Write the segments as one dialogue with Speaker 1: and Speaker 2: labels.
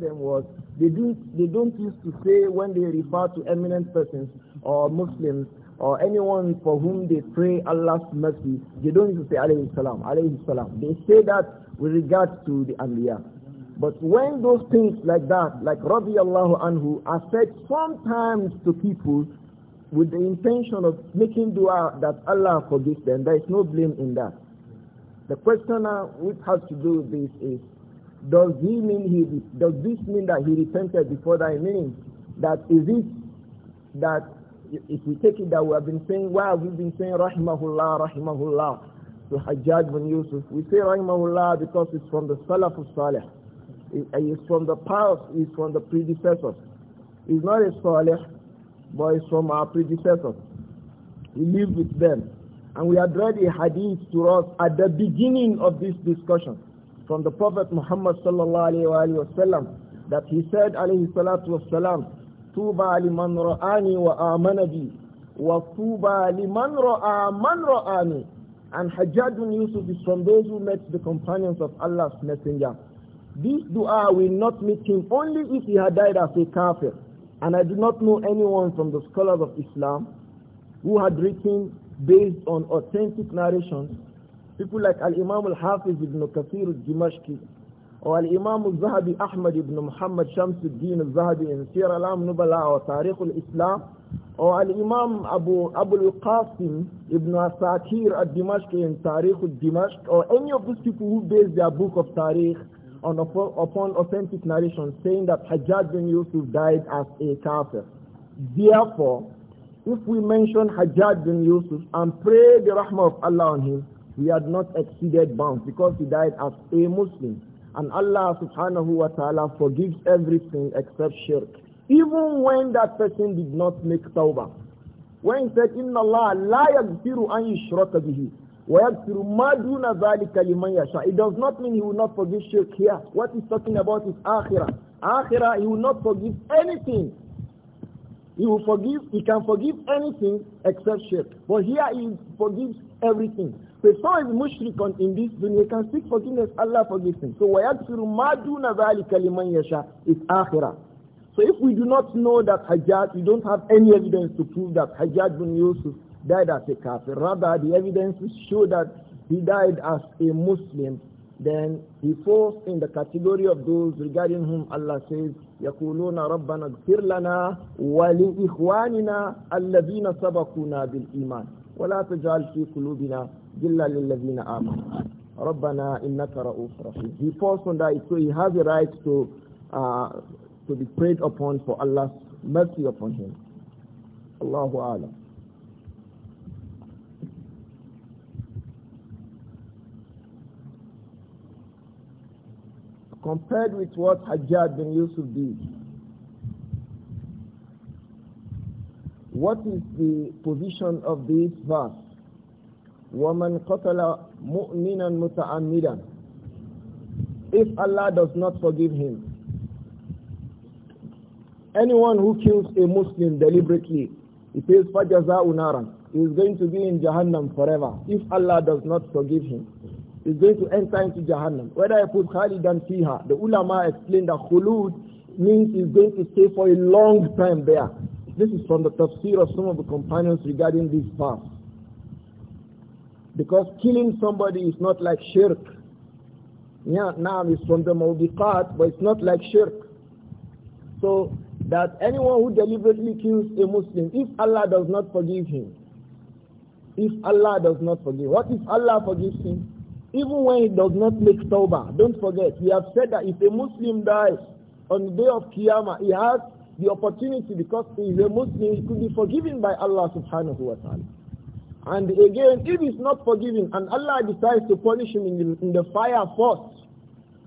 Speaker 1: them was they do they don't used to say when they refer to eminent persons or Muslims or anyone for whom they pray Allah's mercy, they don't used to say alayhi salam, alayhi salam. They say that with regard to the Anbiya. But when those things like that, like Rabbi Allahu Anhu, are said sometimes to people with the intention of making dua that Allah forgives them, there is no blame in that. The question now which has to do with this is, does he mean he does this mean that he repented before that meaning? That is it that if we take it that we have been saying, why have we been saying Rahimahullah, Rahimahullah to Hajjaj bin Yusuf? We say Rahimahullah because it's from the Salaf Salih. it's from the past, it's from the predecessors. It's not a Salih, but it's from our predecessors. We lived with them. And we had read a hadith to us at the beginning of this discussion from the Prophet Muhammad sallallahu alayhi wasallam that he said alayhi salatu wasalam, Tuba liman ra'ani wa amana bi wa tuba liman ra'a man ra'ani. And Hajjadun Yusuf is from those who met the companions of Allah's messenger. This dua will not meet him only if he had died as a kafir. And I do not know anyone from the scholars of Islam who had written based on authentic narrations People like Al-Imam Al-Hafiz ibn Kathir al-Dimashqi or Al-Imam Al-Zahabi Ahmad ibn Muhammad Shamsuddin Al-Zahabi in Sir Alam Nubala or Tariq Al-Islam or Al-Imam Abu, Abu Al-Qasim ibn Asakir al-Dimashqi in Tariq al-Dimashq or any of those people who base their book of Tariq on upon authentic narration saying that Hajjaj bin Yusuf died as a kafir. Therefore, if we mention Hajjaj bin Yusuf and pray the rahmah of Allah on him, he had not exceeded bounds because he died as a Muslim. And Allah subhanahu wa ta'ala forgives everything except shirk. Even when that person did not make tawbah. When he said, إِنَّ اللَّهَ لَا يَغْفِرُ أَنْ يُشْرَكَ بِهِ wa مَا دُونَ ذَلِكَ لِمَنْ يَشَاءُ It does not mean he will not forgive shirk here. What he's talking about is akhirah. Akhirah, he will not forgive anything he will forgive, he can forgive anything except shirk. But here he forgives everything. So if someone is mushrik in this dunya, he can seek forgiveness, Allah forgives him. So وَيَغْفِرُ مَا دُونَ ذَلِكَ لِمَنْ yasha is akhirah. So if we do not know that Hajjaj, we don't have any evidence to prove that Hajjaj bin Yusuf died as a kafir. Rather, the evidence show that he died as a Muslim then he falls in the category of those regarding whom Allah says, يَقُولُونَ رَبَّنَا اغْفِرْ لَنَا وَلِإِخْوَانِنَا الَّذِينَ سَبَقُونَا بِالْإِيمَانِ وَلَا تَجْعَلْ فِي قُلُوبِنَا جِلًّا لِلَّذِينَ آمَنُوا رَبَّنَا إِنَّكَ رَؤُوفٌ رَحِيمٌ He falls on that, so he has a right to, uh, to be prayed upon for Allah's mercy upon him. Allahu Alam. compared with what Hajjaj bin Yusuf did. What is the position of this verse? وَمَنْ قَتَلَ مُؤْمِنًا مُتَعَمِّدًا If Allah does not forgive him, anyone who kills a Muslim deliberately, he pays فَجَزَاءُ نَارًا He is going to be in Jahannam forever if Allah does not forgive him is going to enter into Jahannam. Whether I put Khalidan Fiha, the ulama explained that khulud means he's going to stay for a long time there. This is from the tafsir of some of the companions regarding this verse. Because killing somebody is not like shirk. Yeah, now it's from the mawdiqat, but it's not like shirk. So that anyone who deliberately kills a Muslim, if Allah does not forgive him, if Allah does not forgive, what if Allah forgives him? Even when he does not make tawbah, don't forget, we have said that if a Muslim dies on the day of Qiyamah, he has the opportunity because he is a Muslim, he could be forgiven by Allah subhanahu wa ta'ala. And again, if he's not forgiven and Allah decides to punish him in the, in the fire first,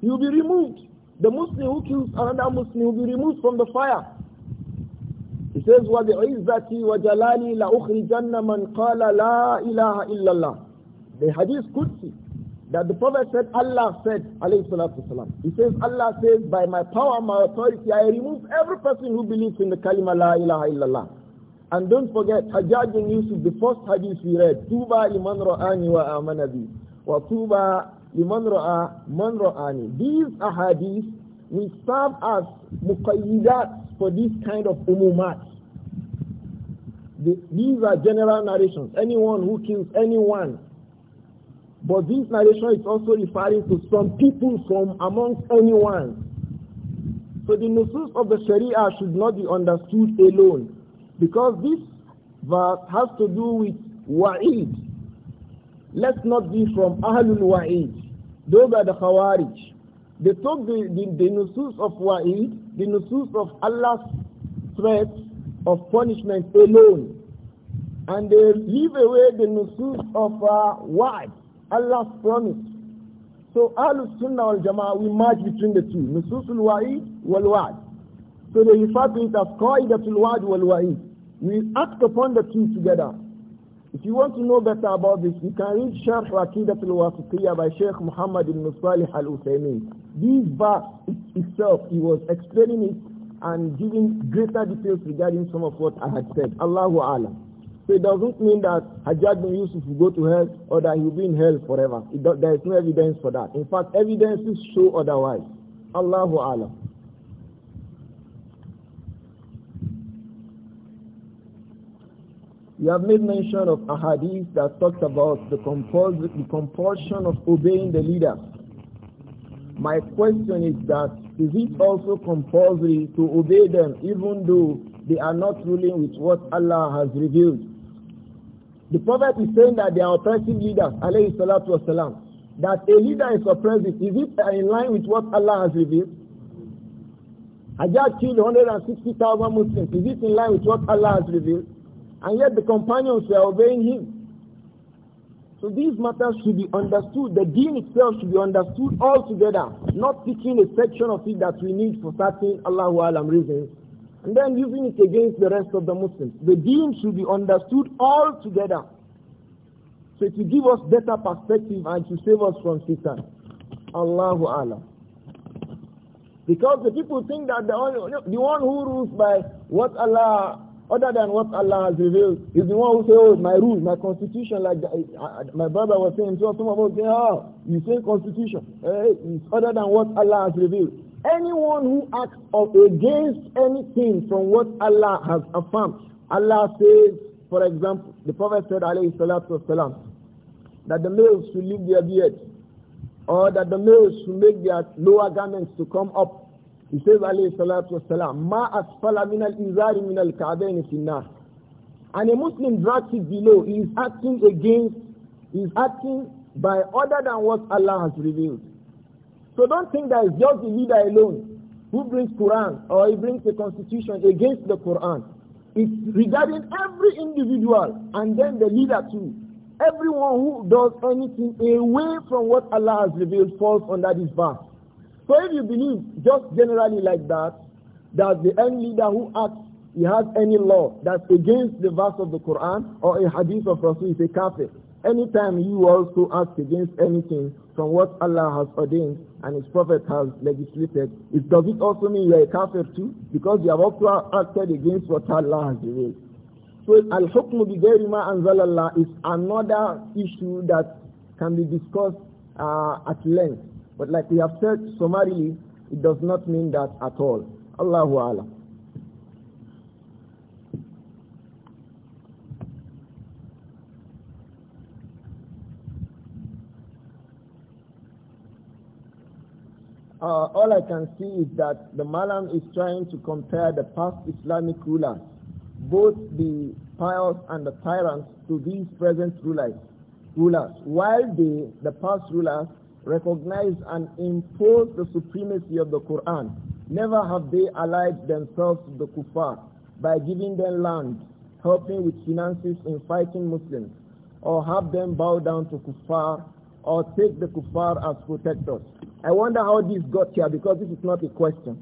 Speaker 1: he will be removed. The Muslim who kills another Muslim will be removed from the fire. He says, وَبِعِزَّتِي وَجَلَالِي لَأُخْرِجَنَّ مَنْ قَالَ لَا إِلَهَ إِلَّا اللَّهِ The hadith Qudsi that the Prophet said, Allah said, alayhi salatu salam. He says, Allah says, by my power, my authority, I remove every person who believes in the kalima la ilaha illallah. And don't forget, Hajjaj and Yusuf, the first hadith we read, Tuba liman ra'ani wa amanabi, wa tuba liman ra'a man ra'ani. These ahadith will serve as muqayyidat for this kind of umumat. The, these are general narrations. Anyone who kills anyone but this narration is also referring to some people from amongst anyone. So the nusus of the Sharia should not be understood alone because this verse has to do with wa'id. Let's not be from Ahlul Wa'id. Those are the Khawarij. They took the, the, the nusus of wa'id, the nusus of Allah's threat of punishment alone. And they leave away the nusus of uh, wa'id Allah's promise. So Ahlul Sunnah wal Jama'ah, we merge between the two. Nususul Wa'id wal Wa'id. So they refer to it as Qa'idatul Wa'id wal Wa'id. We act upon the two together. If you want to know better about this, you can read Sharh Aqidatul Wasiqiyah by Sheikh Muhammad ibn Salih al-Uthaymeen. This verse itself, he was explaining it and giving greater details regarding some of what I had said. Allahu Alam. So it doesn't mean that Hajjaj bin Yusuf will go to hell or that he will be in hell forever. Do, there is no evidence for that. In fact, evidences show otherwise. Allahu Alam. We have made mention of a hadith that talks about the, compuls the compulsion of obeying the leader. My question is that is it also compulsory to obey them even though they are not ruling with what Allah has revealed? The Prophet is saying that they are oppressive leaders, alayhi salatu wasalam. That a leader is oppressive, is it in line with what Allah has revealed? Hajjaj killed 160,000 Muslims. Is it in line with what Allah has revealed? And yet the companions were obeying him. So these matters should be understood. The deen itself should be understood altogether, not picking a section of it that we need for certain Allahu Alam reasons and then using it against the rest of the Muslims. The deen should be understood all together. So to give us better perspective and to save us from Satan. Allahu Allah. Because the people think that the, only, the one who rules by what Allah, other than what Allah has revealed, is the one who says, oh, my rule, my constitution, like I, I, my brother was saying to us, some of us say, oh, you say constitution, Hey, eh, it's other than what Allah has revealed. Anyone who acts against anything from what Allah has affirmed, Allah says, for example, the Prophet said, alayhi salatu wasalam, that the males should leave their beards, or that the males should make their lower garments to come up. He says, alayhi salatu wasalam, ma asfala min al-izari min al-ka'bayn finnar. And a Muslim drags it below. He is acting against, he is acting by other than what Allah has revealed. So don't think that it's just the leader alone who brings Quran or he brings the constitution against the Quran. It's regarding every individual and then the leader too. Everyone who does anything away from what Allah has revealed falls under this verse. So if you believe just generally like that, that the any leader who acts, he has any law that's against the verse of the Quran or a hadith of Rasul is a kafir. Anytime you also act against anything from what Allah has ordained and His Prophet has legislated, it does it also mean you are a kafir too? Because you have also acted against what Allah has revealed. So al-hukm bi ma Allah is another issue that can be discussed uh, at length. But like we have said summarily, it does not mean that at all. Allahu Alam. Uh, all I can see is that the Malam is trying to compare the past Islamic rulers, both the pious and the tyrants, to these present rulers. Rulers, while the the past rulers, recognized and imposed the supremacy of the Quran, never have they allied themselves to the kuffar by giving them land, helping with finances in fighting Muslims, or have them bow down to kuffar or take the kuffar as protectors. I wonder how this got here because this is not a question.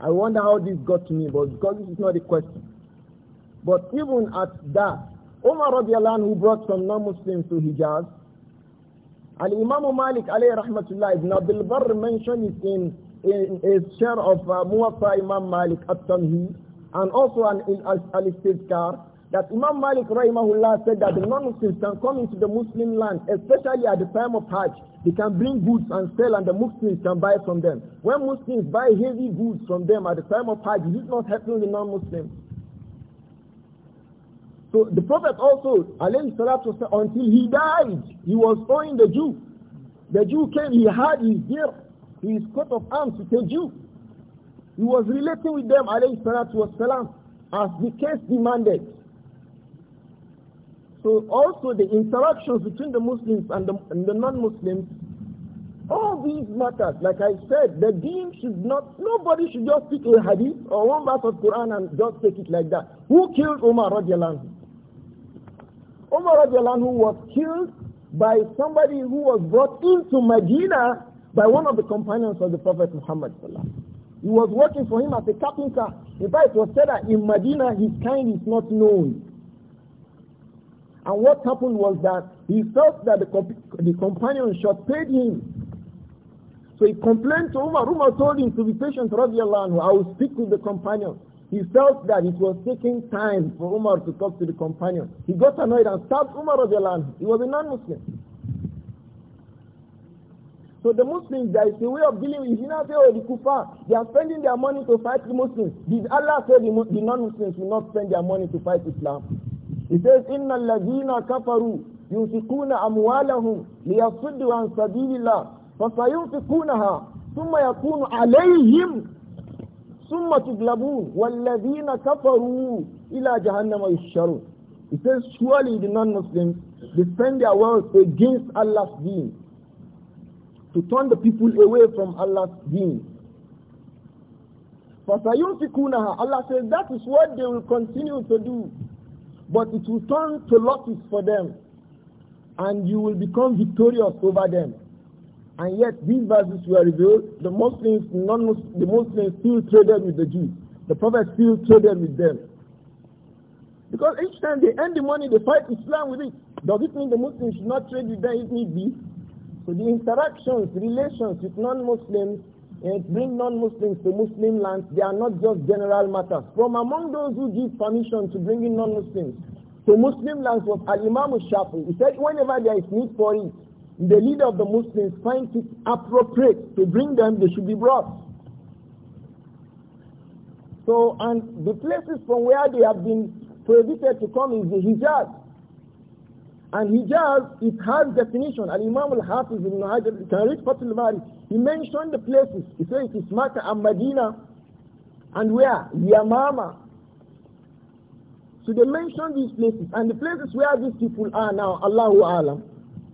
Speaker 1: I wonder how this got to me, but because this is not a question. But even at that, Umar radiallahu who brought some non-Muslims to Hijaz, and Imam Malik alayhi rahmatullah ibn Abdul Barr mentioned it in, in a share of uh, Muwafa Imam Malik at-Tamheed, and also an, in Al-Istizkar, that Imam Malik rahimahullah said that the non-Muslims can come into the Muslim land, especially at the time of Hajj. They can bring goods and sell and the Muslims can buy from them. When Muslims buy heavy goods from them at the time of Hajj, is not happening with non-Muslims? So the Prophet also, until he died, he was owing the Jew. The Jew came, he had his gear, his coat of arms with a Jew. He was relating with them, alayhi salatu wasalam, as the case demanded. So also the interactions between the Muslims and the, the non-Muslims, all these matters, like I said, the deen should not, nobody should just pick a hadith or one verse of Quran and just take it like that. Who killed Umar radiallahu Umar radiallahu was killed by somebody who was brought into Medina by one of the companions of the Prophet Muhammad He was working for him as a carpenter. In fact, it was said that in Medina his kind is not known. And what happened was that he felt that the, comp the companion shot paid him. So he complained to Umar. Umar told him to be patient, radiallahu I will speak with the companion. He felt that it was taking time for Umar to talk to the companion. He got annoyed and stabbed Umar radiallahu He was a non-Muslim. So the Muslims, there is a way of dealing with it. say, oh, the kuffar, they are spending their money to fight the Muslims. Did Allah say the, the non-Muslims will not spend their money to fight Islam? it says inna alladhina kafaroo, yunfikuna amwalahum liyasuddu an sabilillah fasayunfikunaha thumma yakunu alayhim thumma tuglabun walladhina kafaru ila jahannama yushsharun it says surely the non-muslims defend their wealth against allah's deen to turn the people away from allah's deen fasayunfikunaha allah says that is what they will continue to do but it will turn to losses for them. And you will become victorious over them. And yet these verses were revealed. The Muslims, non -Muslims, the Muslims still traded with the Jews. The Prophet still traded with them. Because each time they earn the money, they fight Islam with it. Does it mean the Muslims should not trade with them if need be? So the interactions, relations with non-Muslims and eh, bring non-Muslims to Muslim lands, they are not just general matters. From among those who give permission to bring in non-Muslims to Muslim lands was Al-Imam Shafi. He said whenever there is need for it, the leader of the Muslims finds it appropriate to bring them, they should be brought. So, and the places from where they have been prohibited to come is the Hijaz. And Hijaz, it has definition. And Imam al-Hafiz ibn Hajar, you can read Fatul Bari. He mentioned the places. He said it is Makkah and Medina. And where? Yamama. So they mentioned these places. And the places where these people are now, Allahu Alam.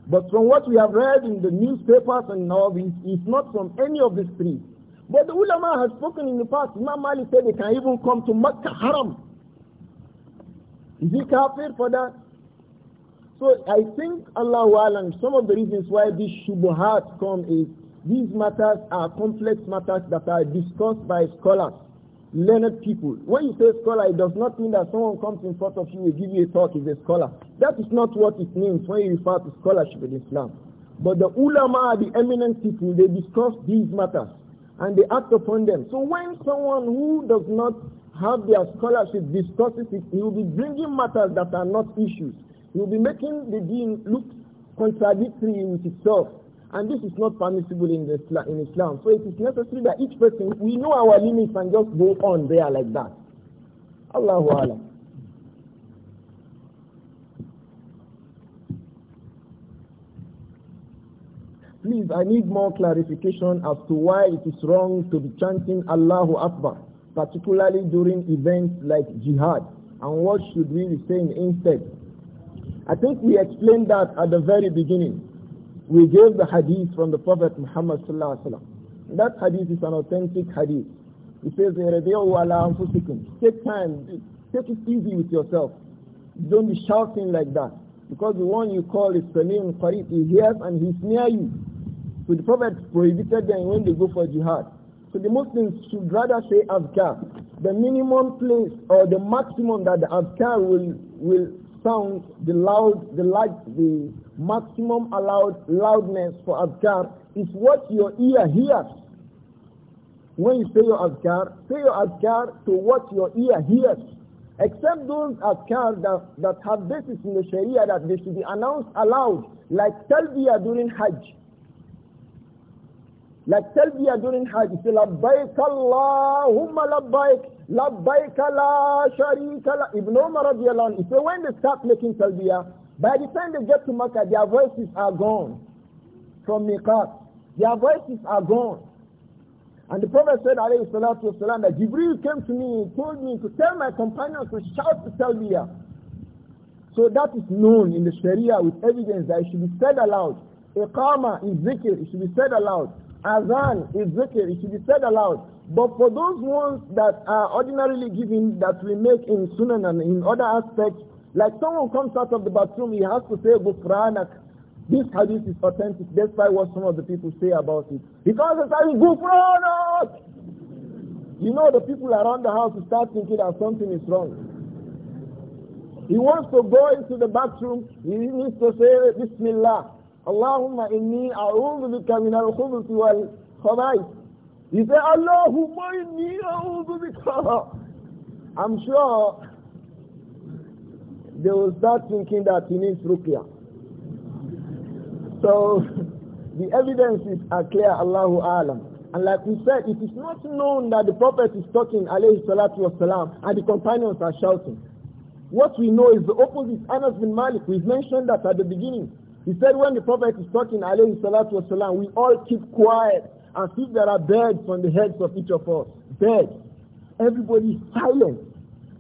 Speaker 1: But from what we have read in the newspapers and all this, it's not from any of these three. But the ulama has spoken in the past. Imam Mali said they can even come to Makkah Haram. Is he kafir for that? So I think Allah and some of the reasons why these shubuhat come is these matters are complex matters that are discussed by scholars, learned people. When you say scholar, it does not mean that someone comes in front of you and give you a talk is a scholar. That is not what it means when you refer to scholarship in Islam. But the ulama, the eminent people, they discuss these matters and they act upon them. So when someone who does not have their scholarship discusses it, he will be bringing matters that are not issues. You'll be making the deen look contradictory with itself. And this is not permissible in, Islam, in Islam. So it is necessary that each person, we know our limits and just go on there like that. Allahu Allah. Please, I need more clarification as to why it is wrong to be chanting Allahu Akbar, particularly during events like jihad, and what should we be saying instead? I think we explained that at the very beginning. We gave the hadith from the Prophet Muhammad sallallahu alaihi wasallam. That hadith is an authentic hadith. It says, Take time, take it easy with yourself. Don't be shouting like that. Because the one you call is Salim Qarit, he hears and he's near you. So the Prophet prohibited them when they go for jihad. So the Muslims should rather say Azkar. The minimum place or the maximum that the Azkar will, will sounds, the loud, the light, the maximum allowed loudness for adhkar is what your ear hears. When you say your adhkar, say your adhkar to what your ear hears. Except those adhkar that, that have basis in the sharia that they should be announced aloud, like talbiyah during hajj. Like talbiyah during hajj, you say labbaik Allahumma labbaik labbaika la sharika la. Ibn Umar radiallahu anhu, so when they start making talbiyah, by the time they get to Makkah, their voices are gone from Miqat. Their voices are gone. And the Prophet said, alayhi salatu wasalam, that Jibril came to me and told me to tell my companions to shout to Talbiyah. So that is known in the Sharia with evidence that it should be said aloud. Iqama is zikr, it should be said aloud. Azan is zikr, it should be said aloud. But for those ones that are ordinarily given that we make in Sunan and in other aspects, like someone comes out of the bathroom, he has to say Gufranak. This hadith is authentic, why what some of the people say about it. Because it's like Gufranak! You know the people around the house start thinking that something is wrong. He wants to go into the bathroom, he needs to say Bismillah. Allahumma inni a'udhu bika min al-khubuthi wal you say, Allahumma inni a'udhu bika. I'm sure they will start thinking that he needs ruqya. So the evidences are uh, clear, Allahu Alam. And like we said, it is not known that the Prophet is talking, alayhi salatu wasalam, and the companions are shouting. What we know is the opposite. Anas bin Malik, we've mentioned that at the beginning. He said when the Prophet is talking, alayhi salatu wasalam, we all keep quiet and if there are birds on the heads of each of us. Birds. Everybody is silent.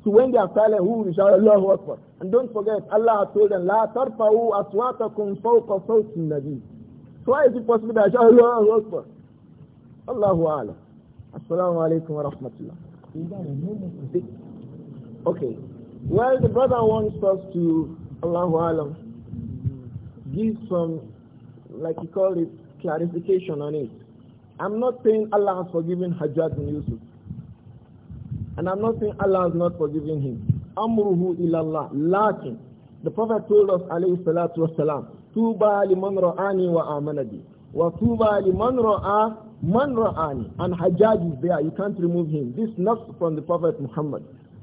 Speaker 1: So when they are silent, who will shout Allahu Akbar? And don't forget, Allah has told them, La tarfa'u aswatakum fawqa sawtin nabi. So why is it possible that I shout Allah Akbar? Allahu Alam. Assalamu alaikum wa rahmatullah. Okay. Well, the brother wants us to, Allahu Alam, give some, like he called it, clarification on it. I'm not saying Allah has forgiven Hajjaj bin Yusuf. And I'm not saying Allah has not forgiven him. Amruhu ilallah. Lakin, the Prophet told us, alayhi salatu wasalam, Tuba man ra'ani wa amanadi. Wa tuba man ra'a man ra'ani. And Hajjaj is there. You can't remove him. This knocks from the Prophet Muhammad.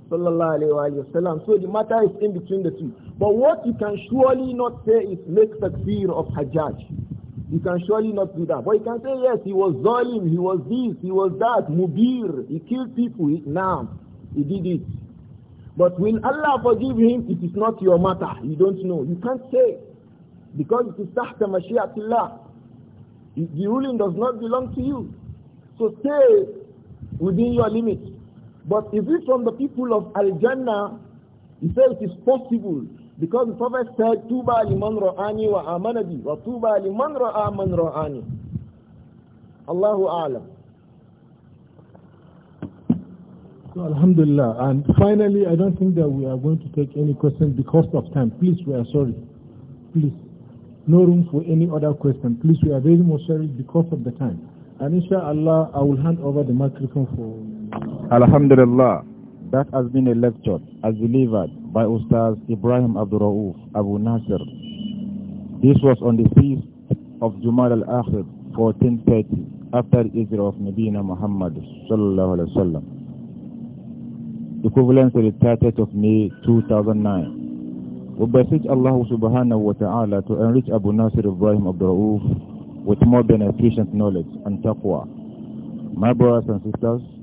Speaker 1: Sallallahu alayhi wa sallam. So the matter is in between the two. But what you can surely not say is make takfir of Hajjaj. You can surely not do that. But you can say, yes, he was Zolim, he was this, he was that, Mubir, he killed people, he, now, he did it. But when Allah forgive him? It is not your matter. You don't know. You can't say. Because it is tahta mashi'atillah. The ruling does not belong to you. So stay within your limits. But if it's from the people of Al-Jannah, you say it is possible because the Prophet said, Tuba liman ra'ani wa amanabi wa tuba liman ra'a man ra'ani. Allahu A'lam. So, Alhamdulillah. And finally, I don't think that we are going to take any questions because of time. Please, we are sorry. Please. No room for any other question. Please, we are very much sorry because of the time. And inshallah, I will hand over the microphone for... Alhamdulillah. That has been a lecture as delivered by Ustaz Ibrahim Abdul Rauf Abu Nasser. This was on the feast of Jumal al-Akhir 1430 after the Israel of Medina Muhammad sallallahu alaihi wasallam. Equivalent to the 30th of May 2009. We beseech Allah subhanahu wa ta'ala to enrich Abu Nasir Ibrahim Abdul Rauf with more beneficent knowledge and taqwa. My brothers and sisters,